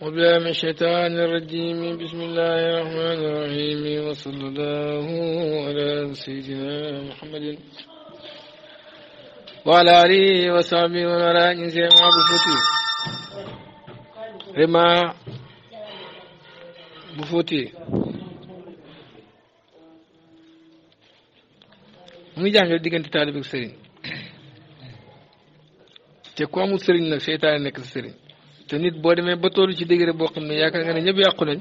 وبلا من الشيطان الرجيم بسم الله الرحمن الرحيم وصلى الله على سيدنا محمد وعلى آله وصحبه وعلى إنسان بفوتي رما بفوتي muy jàngale diggante taalib ak sëriñ te ku amul sëriñ nag seytaane nekk sa sëriñ te nit boo demee ba tollu ci degré boo xam ne yaakaar nga ne ñëpp yàqu nañ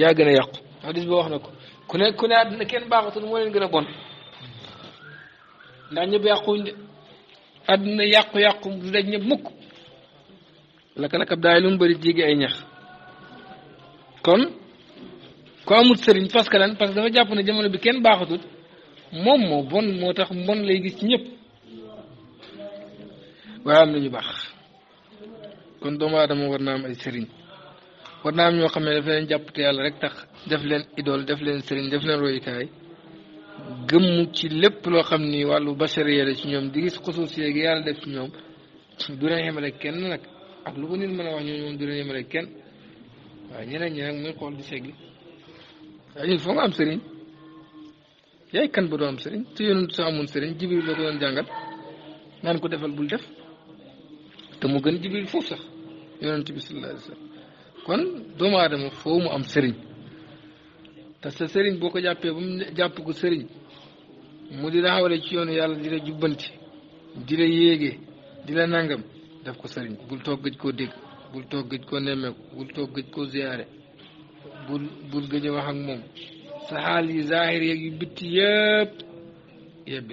yaa gën a yàqu hadis boo wax na ko ku ne baaxatul moo leen gën a bon ndax ñëpp de àddina yàqu-yàqu du daj ñëpp nag ab daay lu mu bëri ñax kon ku amul parce que lan parce que dafa jàpp ne jamono bi kenn baaxatul moom moo bon moo tax mbon lay gis ci ñëpp waaye am na ñu baax kon doomu aadama war naa am ay sëriñ war naa am ñoo xam ne daf leen jàpp te yàlla rek tax def leen idole def leen sëriñ def leen royukaay gëmm ci lépp loo xam ni wàllu bachariya la ci ñoom di gis xusuusiye gi yàlla def ci ñoom du leen yemale kenn nag ak lu ko nit mën a wax ñooñu moom du leen yemale kenn waaye ñeneen ñi nag muy xool di seggi waaye ñun foo am sëriñ yaay kan ba doo am sëriñ te yonent sa amoon sëriñ jibril la ko doon jàngal naan ko defal bul def te mu gën jibril foofu sax yonent bi sallallahu alayhi wa sallam kon doomu aadama foo mu am sëriñ te sa sëriñ boo ko jàppee ba mu jàpp ko sëriñ mu di la xawale ci yoonu yàlla di la jubbanti di la yéege di la nangam def ko sëriñ bul toog gëj koo dégg bul toog gëj koo nemmeeku bul toog gëj koo ziyaare bul bul gëj a wax ak moom sa xaal yi zaahir yeeg yu bitti yëpp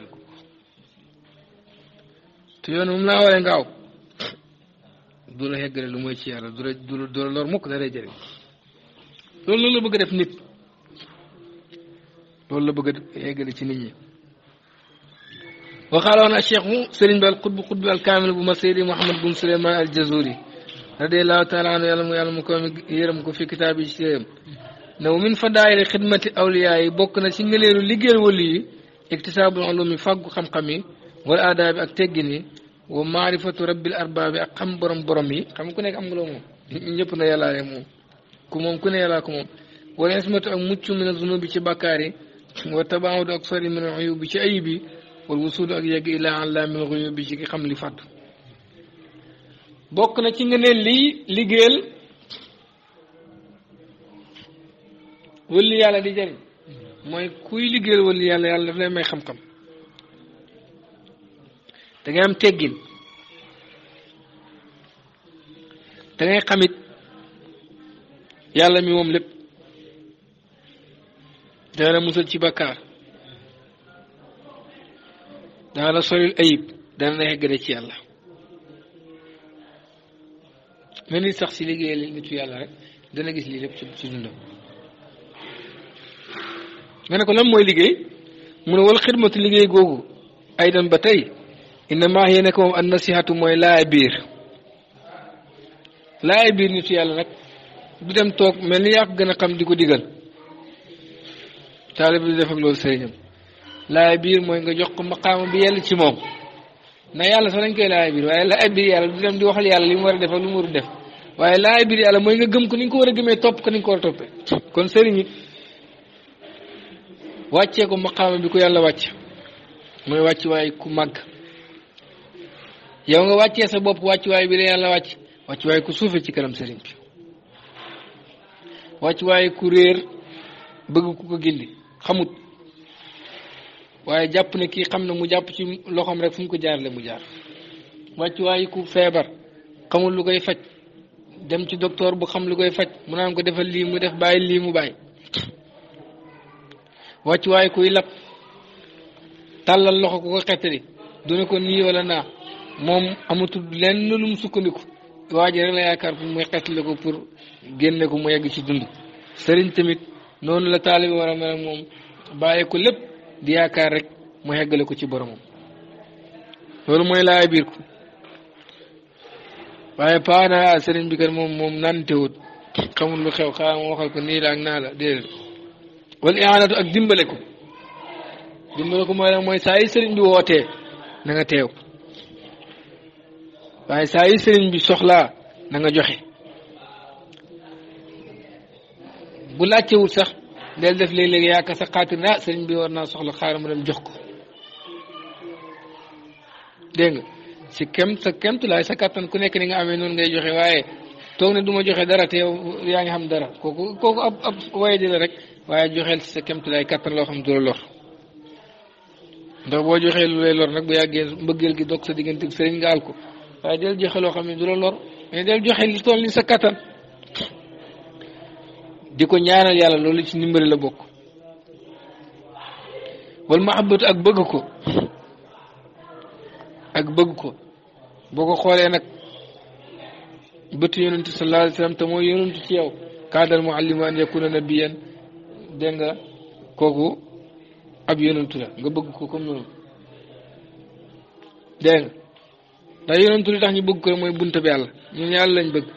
te yoon moom laa waree ngaaw du هجر yeggale lu mooy ci yàlla du la du la lor mukk بقدر فنيت jëriñ loolu la bëgg a وقال أنا الشيخ سليم بالقطب قطب الكامل أبو مسيري محمد بن سليمان الجزوري رضي الله تعالى عنه يعلم كم يرم في كتاب الشيخ نو من فضائل خدمة أولياء بوكنا سنجلير لجل ولي اكتساب العلوم فاق خم خمي والآداب أكتجني wa maarifatu rabbil arbaabi ak xam borom borom yi xam ku nekk am nga loo moom ñëpp na yàllaale moom ku moom ku ne yàllaa ko moom wala ismatu ak mucc min zunubi ci yi ci ayib yi wal wusudu ak yegg ilaa allaamil ghuyub bi ci ki xam li fàtt bokk na ci nga ne lii liggéeyal wëlli yàlla di jëriñ mooy kuy liggéeyal wëlli yàlla yàlla daf lay may xam-xam da ngay am teggin da xamit yàlla mi moom lépp dana la musal ci bakkaar dana la solil ayib dana la xeggale ci yàlla na nit sax si liggéeyal nitu yàlla rek dana gis lii lépp ci dundam nga ne ko lan mooy liggéey mu ne wal xidmatu liggéey googu ay ba tey innama hiya nekk moom an nasihatu mooy laay biir laay biir nitu yàlla nag du dem toog mel ni yaa gën a xam di ko digal taalib bi def ak loolu sëriñam laay biir mooy nga jox ko maqaama bi yàlla ci moom yàlla sax dañ koy laay biir waaye laay biir yàlla du dem di waxal yàlla li war a def ak lu mu war a def waaye mooy nga gëm ko ni ko war a gëmee topp ko ni nga ko war a toppee kon sëriñ yi wàccee ko maqaama bi ko yàlla wàcc mooy wàcc waaye ku màgg yow nga wàccee sa bopp wàccuwaay bi la yàlla wàcc wàccuwaay ku suufe ci kanam sëriñ bi wàccuwaay ku réer bëgg ku ko gindi xamut waaye jàpp ne kii xam na mu jàpp ci loxoom rek fu mu ko jaarale mu jaar wàccuwaay ku feebar xamul lu koy faj dem ci docteur bu xam lu koy faj mu naan ko defal lii mu def bàyyi lii mu bàyyi wàccuwaay kuy lab tàllal loxo ku ko xettali du ne ko nii wala naa moom amatul lenn lu mu sukkandiku waa ji rek la yaakaar pour muy xetli ko pour génne ko mu yegg ci dund sëriñ tamit noonu la taalibi war a mel moom bàyyi ko lépp di yaakaar rek moo yeggale ko ci boromam loolu mooy laay biir ko waaye paana sëriñ bi kat moom moom nantewut xamul lu xew xaaral ma waxal ko nii la naa la déedéet wala ianatu ak dimbale ko dimbale ko mooy la mooy saa yi sëriñ bi wootee na nga teew waaye saa yi sëriñ bi soxlaa na nga joxe bu laajtewul sax del def léeg-léeg yaakaar sa xaatir na ah, sëriñ bi war naa soxla xaaral ma dem jox ko dégg nga si kem sa kemtu laay sa kattan ku nekk ni nga amee noonu ngay joxe waaye toog ne du ma joxe dara te yow yaa ngi xam dara kooku kooku ab ab waye di la rek waaye joxeel si sa kemtu laay kattan loo xam du la lor ndax boo joxee lu lay lor nag bu yàggee mbëggeel gi dog sa diggante sëriñ nga al ko waaye del joxe loo xam ne du la lor mais del joxe li toll ni sa kattan di ko ñaanal yàlla loolu ci ndimbali la bokk wal mahabbatu ak bëgg ko ak bëgg ko boo ko xoolee nag bëtu yonentu sallallahu alayhi wa sallam te mooy yonentu ci yow kaadal muallimu an yakuna nabiyan dégg nga kooku ab yonentu la nga bëgg ko comme noonu dégg nga ndax yonentu li tax ñu bëgg ko mooy bunta bi yàlla ñun yàlla lañ bëgg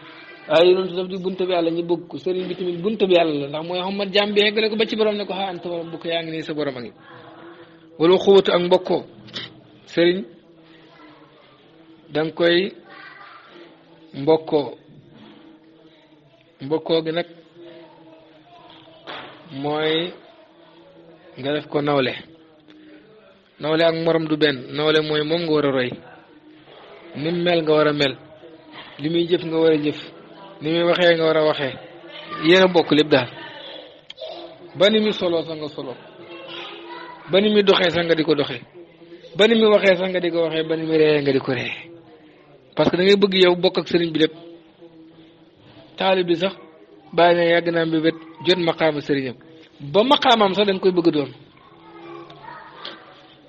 waaye yonentu daf di bunta bi yàlla ñu bëgg ko sëriñ bi tamit bunta bi yàlla la ndax mooy xammat jàmm bi yeggale ko ba ci borom ne ko xaa anta borom bu ko yaa ngi nii sa borom a ngi wala xuwatu ak mbokkoo sëriñ da koy mbokkoo mbokkoo gi nag mooy nga def ko nawle nawle ak morom du benn nawle mooy moom nga war a roy ni mel nga war a mel li muy jëf nga war a jëf ni muy waxee nga war a waxee yéen a bokk lépp daal ba ni muy soloo sax nga soloo ba ni doxee sax nga di ko doxee ba ni muy waxee sax nga di ko waxee ba ni reyee nga di ko reyee parce que dangay bëgg yow bokk ak sëriñ bi lépp taalib bi sax ba na yàgg naa bi wet jot maqaama sëriñam ba maqaamam sax da koy bëgg doon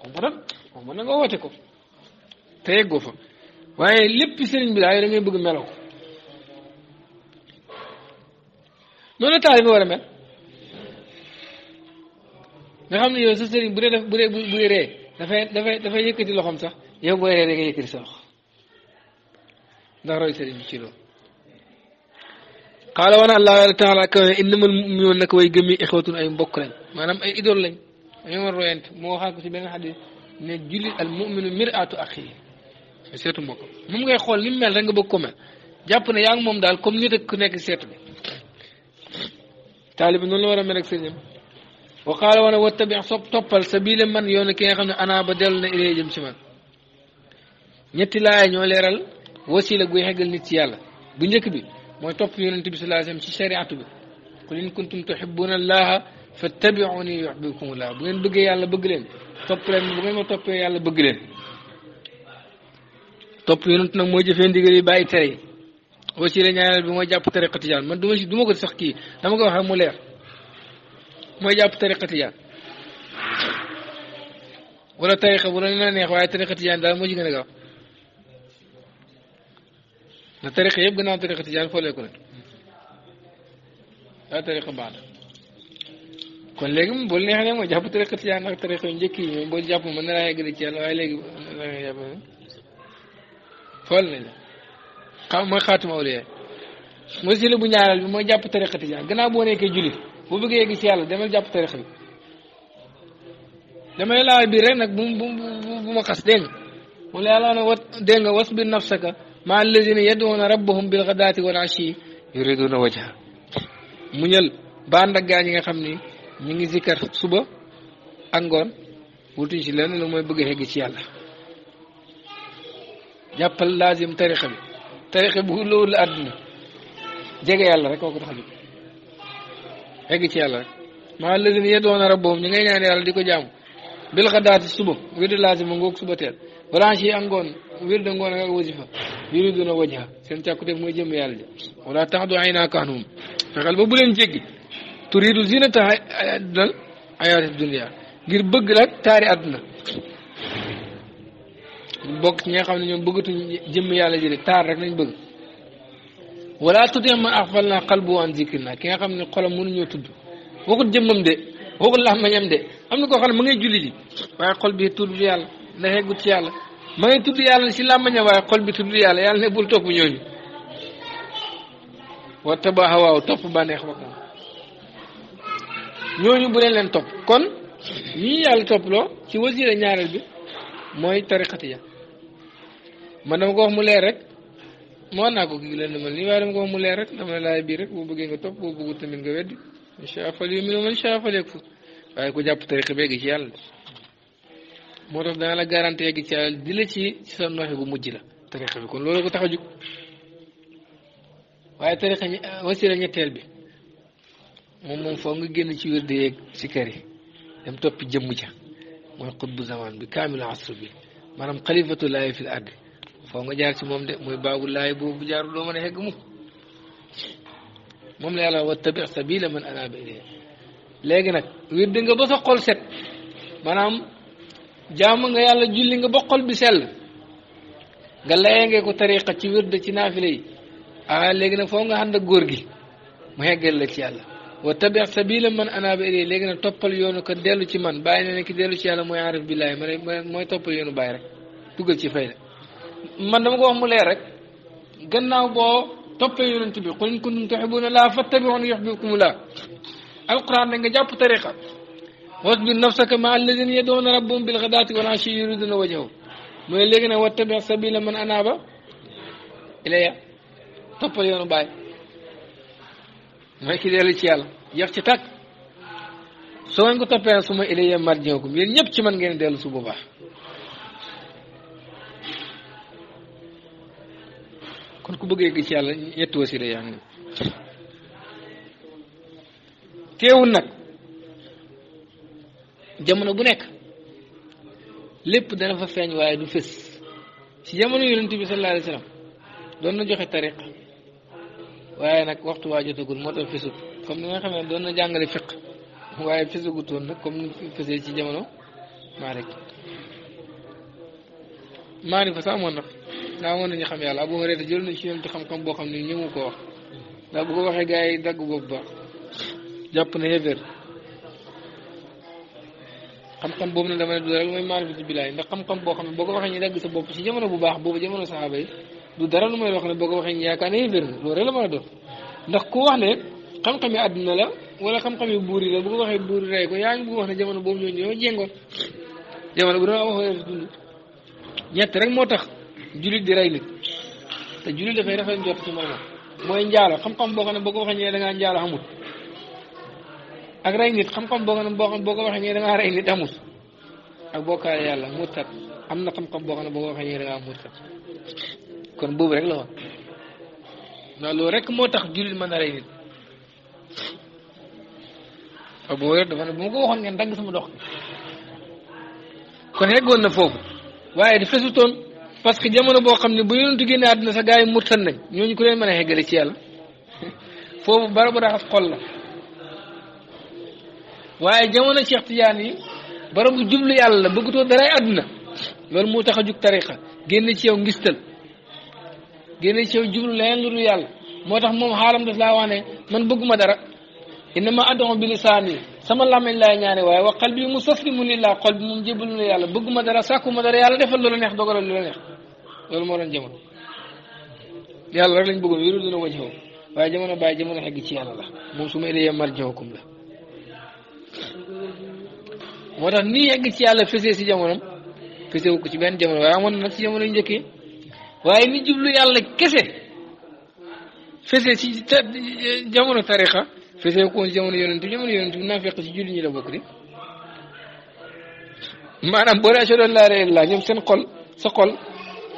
xam nga nag ko te yeggoo waaye lépp sëriñ bi daal da ngay bëgg meloo ko noonu la taalibe war a mel nga xam ne yow sa sëriñ bu dee daf bu dee buy ree dafay dafay dafay yëkkati loxoom sax yow booy ree da nga yëkkati sa loxo ndax roy sëriñ bi ci loolu qaala wana allah taala kawe innama almuminuun nag way gëm yi ixwatun ay mbokk lañ maanaam ay idole lañ dañoo war royante moo waxaan ko ci benn xadis ne jullit al muminu miratu axi seetu mbokk moom ngay xool ni mel rek nga bëgg ko mel jàpp na yaa ngi moom daal comme nit ak ku nekk seetu bi taalibi noonu la war a mel ak sëriñam wa qaala wana wa toppal sabila man yoon ki nga xam ne ana ba dellu na ilay jëm ci man ñetti laay ñoo leeral wasila guy xeggal nit ci yàlla bu njëkk bi mooy topp yonent bi sallallahu alayhi wasallam ci shariatu bi qul in kuntum tuhibbuna allaha allah bu ngeen bëggee yàlla bëgg leen topp leen bu ngeen ma yàlla bëgg leen topp yonent nag mooy jëfee ndigal yi bàyyi tere yi aussi la ñaareel bi mooy jàpp tariqa ma si du ma ko sax kii dama ko waxee mu leex mooy jàpp tariqa tijaan wala tariqa bu la neex waaye tariqa tijaan daal moo ci gën a gaaw na tariqa yëpp gannaaw tariqa tijaan foolee ko ne daa tariqa baax na kon léegi moom boo neexee mooy jàpp tariqa tijaan ak tariqa yu njëkk yi moom boo na laa yeggale ci yàlla waaye léegi xool nañ la xam mooy xaatuma awliya bu ñaareel bi mooy jàpp tariqa tijaan gannaaw boo nekkee jullit bu bëggee yegg si yàlla demal jàpp tariqa bi damay laaj bi rek nag bu bu bu ma xas dégg nga la yàlla na wat dégg nga wasbir nafsaka ma alladina yad'una rabbahum bil ghadati wal ashi yuriduna wajha muñal bànd ak gaa ñi nga xam ni ñu ngi zikkar suba ak ngoon wutuñ si lenn lu mooy bëgg a ci yàlla jàppal laazim tariqa bi tariqa bu loolu la àdduna jege yàlla rek kooku tax jóg egg ci yàlla rek maa lazim yedoona rabboom ñi ngay ñaan yàlla di ko jaamu bil xadaati suba wird laazim ngoog suba teel branche yi angoon wird ngoon ak wasifa yuriduna wajha seen càkkute mooy jëm yàlla ji wala taxdu aynaaka anhum fexeel ba bu leen jéggi turiidu zinata hayaati dunya ngir bëgg rek taari àdduna bokk ci nga xam ne ñoom bëggatuñ jëmm yàlla ji de taar rek lañ bëgg wala tuti man axfalna qalbu an naa ki nga xam ne xolam mënuñoo tudd waxut jëmmam de waxut làmmiñam de am na koo xam ne ma ngay julli ji waaye xol bi tudd yàlla ndax yeggut ci yàlla ma ngay tudd yàlla si làmmiñam waaye xol bi tudd yàlla yàlla ne bul topp ñooñu wa taba hawaaw topp bànneex ba moom ñooñu bu leen leen topp kon ñii yàlla topp loo ci wasila ñaareel bi mooy tariqati ya man dama ko wax mu leer rek mu wax naa ko kii leen demal nii waaye dama ko wax mu leer rek dama la laaj bii rek boo bëggee nga topp boo bëggu tamit nga weddi incha allah fal yu mel ci yàlla moo tax la garanti egg ci ci ci sa nooxe la tariqa bi kon loolu ko tax a jug waaye tariqa bi moom moom foog nga génn ci wér di yeeg si kër yi dem toppi jëmm ja mooy xutbu zaman bi kaamilu asr bi maanaam xalifatullaahi fil ardi foo nga jaar ci moom de mooy baabu laay boobu jaarul doo mën a xegg mu moom la yàlla wattabi sabila man anaaba ilayya léegi nag wird nga ba sa set maanaam jaamu nga yàlla julli nga ba xol bi sell nga layangee ko tariqa ci wird ci naafile yi ah nag foo nga ànd ak góor gi mu heggal la ci yàlla wattabi sabila man anaaba ilayya léegi nag toppal yoonu ko dellu ci man bàyyi na ne ki dellu ci yàlla mooy arif billaahi mooy toppal yoonu bàyyi rek duggal ci fayda man dama ko wax mu leer rek gannaaw boo toppee yonent bi qul in kuntum tuhibbuna laa fattabi'uuni yuhbibkumu laa alquran da nga jàpp tariqa wasbir nafsaka ma alladina yad'una rabbahum bil ghadaati wal ashi yuriduna wajhahu mooy léegi nag wattabi' sabila man anaaba ilayya toppal yoonu baay mooy ki dellu ci yàlla yeex ci tàkk soo ngeen ko toppee nag su ma ilayya marji'ukum yéen ñëpp ci man ngeen dellu su boobaa kon ku bëggee gi ci yàlla ñetti wasila yaa ngi nag jamono bu nekk lépp dana fa feeñ waaye du fës ci jamono yonent bi sallallahu alayhi doon na joxe tariq waaye nag waxtu waa jotagul moo tax fësut comme ni xam ne doon na jàngale fiq waaye fësagutoon nag comme ni fësee ci jamono maa fa sax amoon na naamoon nañu xam yàlla Abu Hurayra jël na ci yonent xam-xam boo xam ne ñëmu ko wax ndax ko waxee gars yi dagg bopp ba jàpp na yéeféer xam-xam boobu ne dama ne du dara mooy maarifatu ndax xam-xam boo xam ne boo waxee ñu dagg sa bopp ci jamono bu baax boobu jamono saxaaba yi du lu may wax ne boo ko waxee yaakaar ne yéeféer nga rek la mën a doon ndax ku wax ne xam-xam yi la wala xam-xam yi waxee buur yi ko yaa ngi wax ne jamono boobu ñoo ñoo jéngoon jamono bu doon wax dund ñett rek moo tax jullit di rey nit te jullit dafay rafet njort ci moromam mooy njaalo xam-xam boo xam ne boo ko waxee ñee da ngaa njaalo amut ak rey nit xam-xam boo xam ne boo xam boo ko waxee ñee da ngaa nit amut ak bokkaale yàlla murtat am na xam boo xam ne boo waxee ñee da ngaa kon boobu rek la woon ndax loolu rek moo tax jullit mën a rey nit waaw boobu rek dafa ne bu ma ko waxoon ngeen dagg sama dox kon yeggoon na foofu waaye di fesutoon parce que jamono boo xam ne bu yonentu génne àdduna sa gars yi murtan nañ ñooñu ku leen mën a xeggale ci yàlla foofu barabu raxas xol la waaye jamono Cheikh Tidiane yi barabu jublu yàlla la bëggatoo daray àdduna loolu moo tax a jug tariqa génne ci yow ngistal génne ci yow jublu leneen lu dul yàlla moo tax moom xaalam daf laa wax ne man bëgguma dara inna ma addoon bi lisaani sama làmmiñ laay ñaane waaye wax qalbi musaflimun lillah xol bi moom jébbalu na yàlla ma dara sàkkuma dara yàlla defal lu la neex dogalal lu la neex loolu moo doon jamono yàlla rek lañ bëggoon yuru dina wajhoo waaye jamono bàyyi jamono xegg ci yàlla la moom su ma ilayya marji'ukum la moo tax nii yegg ci yàlla fese si jamonoom fese wu ko ci benn jamono waaye amoon na ci jamono yu njëkk yi waaye ni jublu yàlla kese fese si jamono tariqa fesee koon si jamono yonent bi jamono yonent si julli ñi la bokk di maanaam boo dee ashhadu laa ilaaha illallaah ñoom seen kol sa xol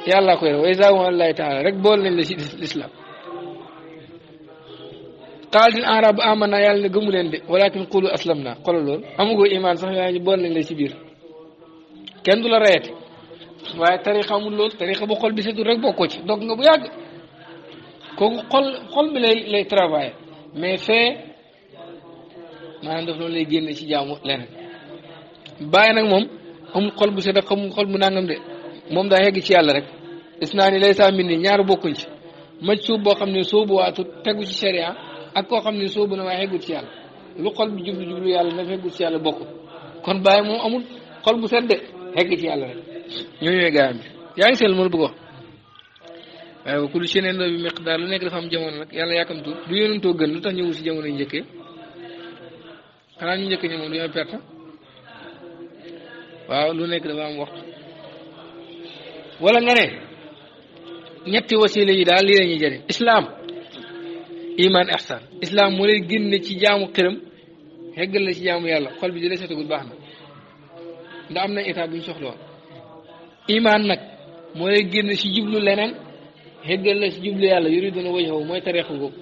yàllaa ko yore wa izaahu allaahi taala rek bool nañ la si lislaam xaalatil araab aamannaa yàlla ne gëmu leen de walaakin qulu aslamnaa xoolal loolu amugoo imaan sax yaa ngi bool nañ la si biir kenn du la rayete waaye tarixa amul loolu tarixa bu xol bi setul rek bokkoo ci dog nga bu yàgg kooku xol xol bi lay lay mais fee maanaam daf loolu lay génne ci jaamu leneen bàyyi nag moom amul xol bu set ak xol bu nangam de moom daa yegg ci yàlla rek is naa ni lay saa mbir nii ñaar bokkuñ ci maj suuf boo xam ne soobu waatu tegu ci sharia ak koo xam ne soobu na waaye xeggut ci yàlla lu xol bi jublu jublu yàlla na xeggut ci yàlla bokkul kon bàyyi moom amul xol bu set de xegg ci yàlla rek ñoo ñooy gaayam bi yaa ngi seel mën bëgg wax waaye ba ku lu seneen bi miqdaar lu nekk dafa am jamono nag yàlla yàkkamtu du yonentoo gën lu tax ñëwul si jamono yi xanaa ñu njëkk ñi moom dañoo perte waaw lu nekk dafa am waxtu wala nga ne ñetti wasila yi daal lii la ñuy islaam iman ihsan islaam moo leen génne ci jaamu këram heggal la ci jaamu yàlla xol bi di la setagul baax na ndax am na état buñ ñu soxla nag moo lay génn si jublu leneen heggal la ci jublu yàlla yuri dana wajhaw mooy tareexa googu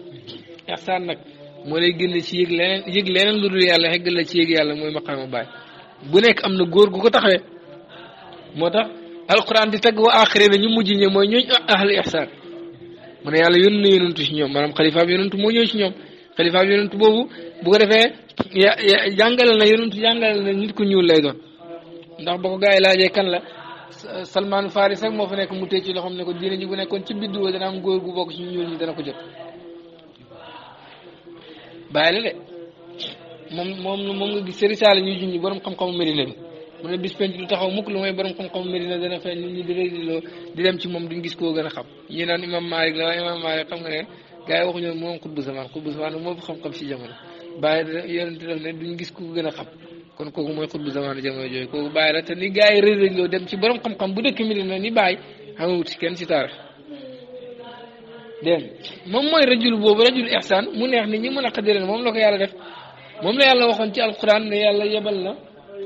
ihsaan nag moo lay génne ci yëg leneen yëg leneen lu dul yàlla xeggal la ci yëg yàlla mooy maqaama baay bu nekk am na góor gu ko taxawee moo tax alquran di tagg wa axiré na ñu mujj ñe mooy ñu ahlu ihsaan mu ne yàlla yónn na yónantu ci ñoom maanaam xalifaab yónantu moo ñëw ci ñoom xalifaab yónantu boobu bu ko defee jàngale na yónantu jàngale na nit ku ñuul lay ndax ba ko yi laajee kan la Salman Faris rek moo fa nekk mu tee ci loxoom ne ko diine ji bu nekkoon ci biddu dana am góor gu bokk ci ñuul ñi dana ko jot bàyyi la de moom moom moom nga gis sa risaala ñuy junj borom xam-xamu Medina bi mu ne bis penc du taxaw mukk lu mooy borom xam-xamu Medina dana feeñ nit di dem ci moom duñ gis koo gën a xam ñi naan imam Malik la waaye imam Malik xam nga ne gars yi waxuñu moom xutbu zaman xutbu xam-xam si jamono bàyyi la yonente def ne gis koo gën a xam kon kooku mooy xutbu zaman jamono jooju kooku bàyyi la te ni gars yi dem ci borom xam-xam bu dëkk Medina ni bàyyi xamawut si kenn si taarix dégg moom mooy rajul boobu rajul ihsaan mu neex nit ñi a naqadi leen moom la ko yàlla def moom la yàlla waxoon ci alquran ne yàlla yebal na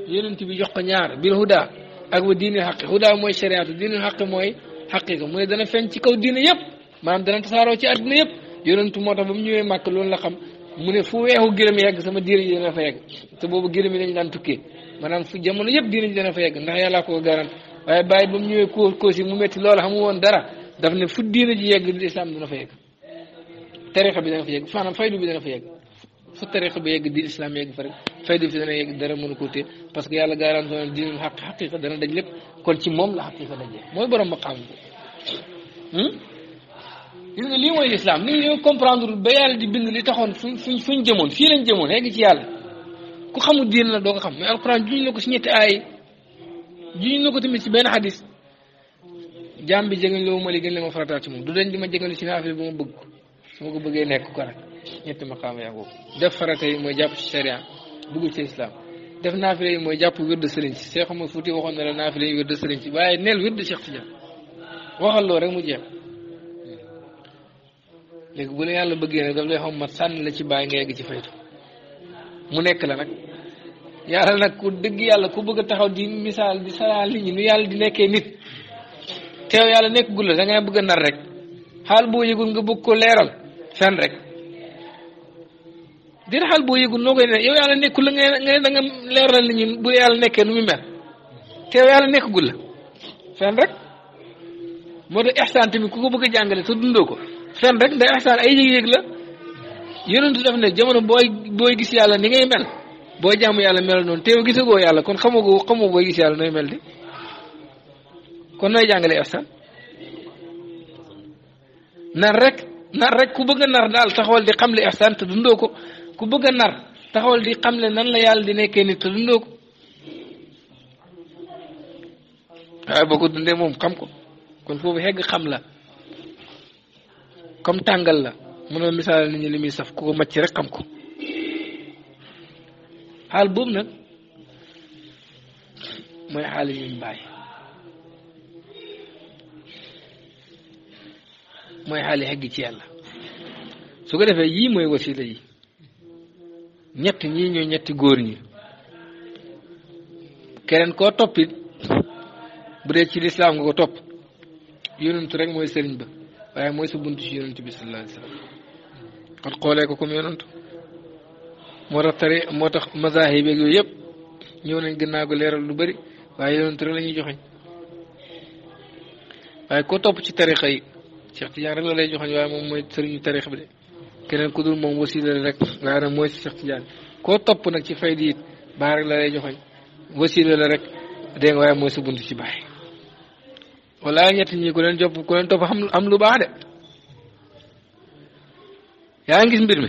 yonent bi jox ko ñaar bil huda ak wa diinil xaqi huda mooy shariatu diinil mooy xaqiqa mu ne dana feeñ ci kaw diine yëpp maanaam dana tasaaroo ci àdduna yëpp moo tax ba mu màkk loolu la xam mu ne fu weexu gërëm yegg sama diine ji dana fa yegg te boobu gërëm yi dañ daan tukkee maanaam fu jamono yëpp diine ji dana fa yegg ndax yàllaa ko garant waaye bàyyi ba mu ñëwee kóor kóor mu métti loolu xamu woon dara dafa ne fu diina ji yegg lislaam dana fa yegg tarixa bi dana fa yegg maanaam faydu bi dana fa yegg fu tarixa bi yegg di lislaam yegg fa rek faydu bi dana yegg dara mënu ko téye parce que yàlla garant na diinul xaq xaqiqa dana daj lépp kon ci moom la xaqiqa dajee mooy borom maqaam bi hmm? gis nga lii mooy lislaam nit ñi comprendre ba yàlla di bind li taxoon fuñ fuñ fuñ jëmoon fii lañ jëmoon yegg ci yàlla ku xamul diin la doo ko xam mais alquran juñ na ko si ñetti aay juñ ko tamit si benn xadis jaam bi jëgañ loo ma li gën la ma farataal ci moom du dañ di ma jëgalu ci naafila bi ma bëgg su ma ko bëggee nekk ko rek ñetti maqaama yaa boobu def farata yi mooy jàpp ci sharia dugg ci islam def naafila yi mooy jàpp wérd sëriñ si Seex Umar Fuuti waxoon na la naafila si waaye neel wérd Seex Tijaan waxal loo rek mu jeex léegi bu la yàlla bëggee nag daf lay xam mat sànni la ci bàyyi nga yegg ci faytu mu nekk la nag yàlla nag ku dëgg yàlla ku bëgg a taxaw di misaal di salaal te yàlla nekk gul la da bëgg a nar rek xaal boo yëgul nga bëgg ko leeral fen rek dir xaal boo yëgul noo koy ne yow yàlla la nga bu yàlla nekkee nu mu mel te nekk gul la fen rek moo tax ihsaan tamit ku ko bëgg jàngale te dundoo ko fen rek ndax ihsaan ay yëg-yëg la yonentu def ne jamono booy booy gis yàlla ni ngay mel boo jàmm yàlla mel noonu teew gisagoo yàlla kon xamagoo xamoo booy gis yàlla nooy mel di kon nooy jàngale ihsan nar rek nar rek ku bëgg a nar daal taxawal di xamle ihsan te dundoo ko ku bëgg a nar taxawal di xam xamle nan la yàlla di nekkee nit te dundoo ko waaye dundee moom xam ko kon foofu xegg xam la comme tàngal la mënoo misaal nit ñi li muy saf ku ko màcc rek xam ko xaal boobu nag mooy xaal yi ñu mooy xaali xegg ci yàlla su ko defee yii mooy wasila yi ñett ñi ñooy ñetti góor ñi keneen koo toppit bu dee ci lislaam nga ko topp yonentu rek mooy sëriñ ba waaye mooy sa bunt ci yonentu bi sallallahu alayhi wasallam kon xoolee ko comme yonentu moo tax tari moo tax mazahib beeg yooyu yëpp ñëw nañ gën naa ko leeral lu bari waaye yonentu rek lañuy ñuy joxeñ waaye koo topp ci tarixa yi Cheikh Tidiane rek la lay joxoon waaye moom mooy sëriñu tarix bi de keneen ku moom wasila la rek waaye mooy Cheikh Tidiane koo topp nag ci faydi it baa rek la lay joxoñ wasila la rek dégg nga waaye mooy sa ci baax wala ñett ñi ku topp am lu baax ngi gis mbir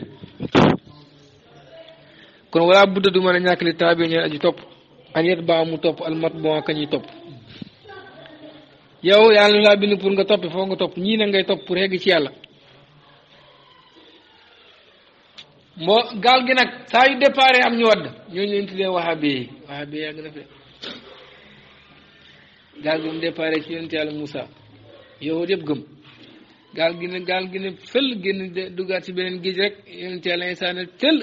mi du mën ñàkk li taabi ñeen aji topp mu topp almat bon ka ñuy topp yow yàlla laa bind pour nga toppi foo nga topp ñii na ngay topp pour egg ci yàlla mbo gaal gi nag saa yu départ am ñu wadd ñooñu leen tuddee wahabi yi wahabi yàgg na fi gaal gi ci yonent yàlla Moussa yowut yëpp gëm gi ne gaal gi ne fël génn duggaat ci beneen géej rek yonent yàlla Isaa ne tëll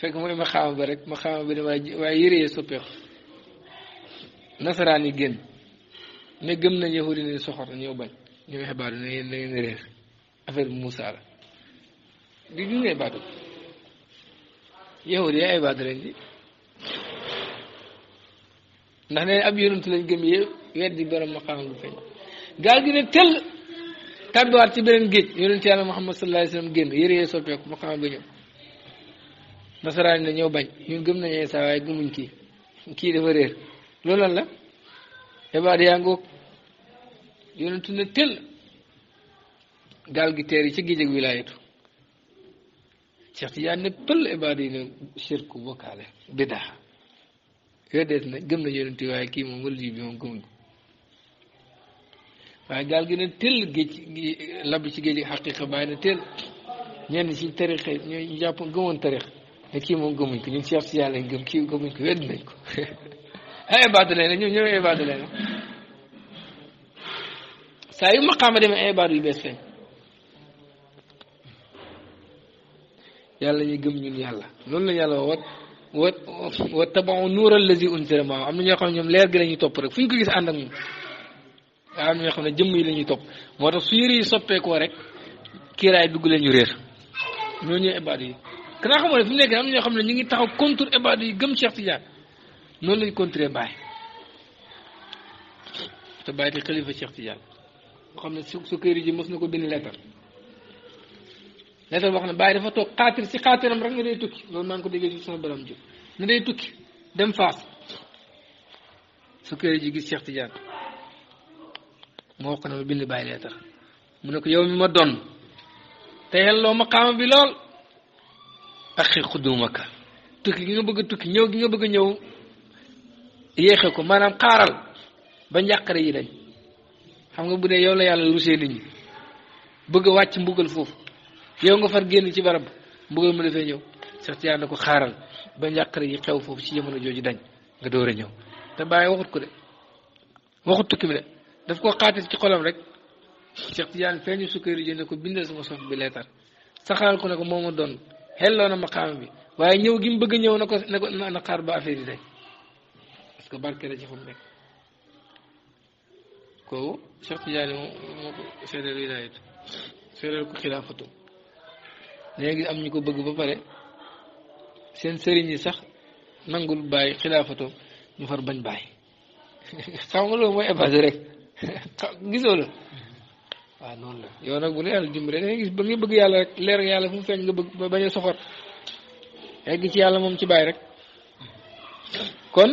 fekk mooy ma xaama ba rek ma xaama ba ne waaye waaye yëre yee soppeeku nasaraan yi génn ne gëm nañ yahudi ne soxor ñëw bañ ñëw xibaaru ne yéen ne réer affaire bi Moussa la di ñu ne baatu yahudi ay baatu lañ di ndax ne ab yonent lañ gëm gaal gi ne tëll tàbbiwaat ci beneen géej yonent yàlla Muhammad sallallahu alayhi wa sallam génn yëre ba ñëw bañ ñun gëm nañu Iisaa waaye gëmuñ kii kii dafa réer loolu la xibaar yaa ngoog yonentu ne tël gaal gi teer yi ca géej ak wilaayatu Cheikh Tidiane ne pël ibaad yi ne shirku bokkaale bidaa weddeet na gëm na yonentu waaye kii moom wël bi moom gëm waaye gaal gi na tël géej lab ci géej ak xaqiqa bàyyi ne tël ñenn ci tariqa ñu jàpp gëmoon tariq ne kii moom gëmuñ ko ñun Cheikh Tidiane lañ gëm kii gëmuñ ko wedd nañ ko ah ibaadu lay na ñoom ñoom ibaadu lay na saa yu maqaama demee ibaadu yu bees feeñ yàlla ñu gëm ñun yàlla loolu la yàlla wat wat wa tabaxu nuur am na ñoo xam ne ñoom leer gi la topp rek fu ñu ko gis ànd ak ñun waaw am ñoo xam ne jëmm yi lañuy ñuy topp moo tax su yëre yi soppeekoo rek kiiraay dugg leen ñu réer ñoo ñooy ibaadu yi. kanaa xamoo ne fi mu nekk am ñoo xam ne ñu ngi taxaw contre ibaadu yi gëm Cheikh Tidiane. noonu lañ contré Baye te Baye di xalifa Cheikh Tidiane nga xam ne su su kër ji mos na ko bind lettre lettre wax ne Baye dafa toog xaatir si xaatiram rek ne day tukki loolu maa ngi ko déggee si sama borom ji ne day tukki dem faas su kër ji gis Cheikh Tidiane moo wax ko ne bind Baye lettre mu ne ko yow mi ma doon te yelloo maqaama bi lool axi xudduuma ka tukki gi nga bëgg tukki ñëw gi nga bëgg a ñëw yéexe ko maanaam xaaral ba njàqare yi dañ xam nga bu dee yow la yàlla rusee nit ñi bëgg a wàcc mbugal foofu yow nga far génn ci barab mbugal mu defee ñëw sax ci ko xaaral ba njàqare yi xew foofu ci jamono jooju dañ nga door a ñëw te bàyyi waxut ko de waxut tukki mi de daf koo xaatis ci xolam rek Cheikh Tidiane feeñu sukkeeri jënd ko bindal sama sof bi leetar saxaral ko ne ko moo ma doon xelloo na maqaama bi waaye ñëw gi mu bëgg ñëw na ko na ko na xaar parce que barke la ci fa mu nekk kooku Cheikh Tidiane moo ko seedeel wilaayatu seedeel ko xilaafatu am ñu ko bëgg ba pare seen sëriñ yi sax nangul bàyyi xilaafatu ñu far bañ bàyyi xam nga loolu mooy épassé rek gisoo la waaw noonu la yow nag bu la yàlla dimbale da ngay gis ba nga bëgg yàlla rek leer yàlla fu mu fekk nga bëgg ba bañ a soxor egg ci yàlla moom ci bàyyi rek kon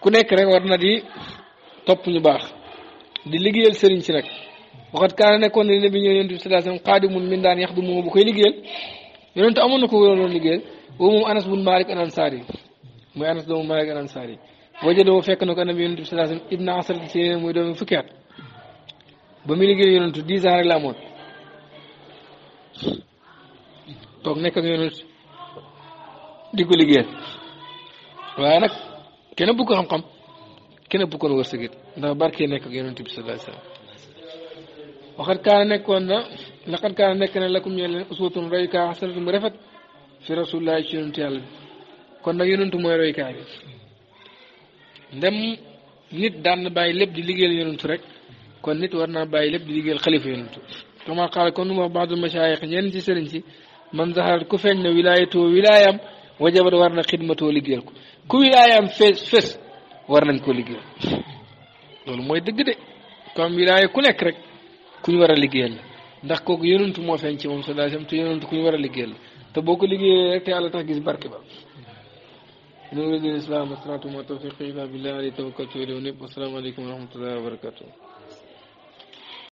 ku nekk rek war na di topp ñu baax di liggéeyal sëriñ si nag waxat kaana nekkoon ne nabi ñëw yonent bi sallallahu alayhi wasallam min daan yax du moom bu koy liggéeyal yonent amoon na ko doon liggéeyal boobu moom anas bun malik al ansari mooy anas doomu malik al ansari wajadoo fekk na ko nabi yonent bi sallallahu ba muy liggéeyal yonentu dix ans amoon toog nekk ak yonent di ko liggéeyal waaye nag kenn bu ko xam kenn bu ko wërsëg it ndax barke nekk ak yonent bi sallallahu alayhi waxat kaana nekkoon na laqat kaana nekk na lakum ñee leen uswatun roykaa xasanatun bu rafet fi rasulillahi ci yonentu yàlla bi kon nag yonentu mooy roykaa bi ndem nit daan na bàyyi lépp di liggéeyal yonentu rek kon nit war naa bàyyi lépp di liggéeyal kama qaala kon nu mu wax baadul masaayix ñenn man zaharat ku feeñ na wilaayatoo wilaayam wajabat war na xidmatoo liggéey ko ku wilaayaam fees fees war nañ ko liggéeyal loolu mooy dëgg de ku am wilaaya ku nekk rek ku ñu war a liggéeyal la ndax kooku yonantu moo feeñ ci moom sallallahu alayhi wasallam te yonantu ku ñu war a liggéeyal te boo ko liggéey rek te yàlla tax gis barke ba in uridu al islam astata'tu ma tawfiqi illa billah alayhi tawakkaltu wa ilayhi unib wa salaamu alaykum wa rahmatullahi wa barakatuh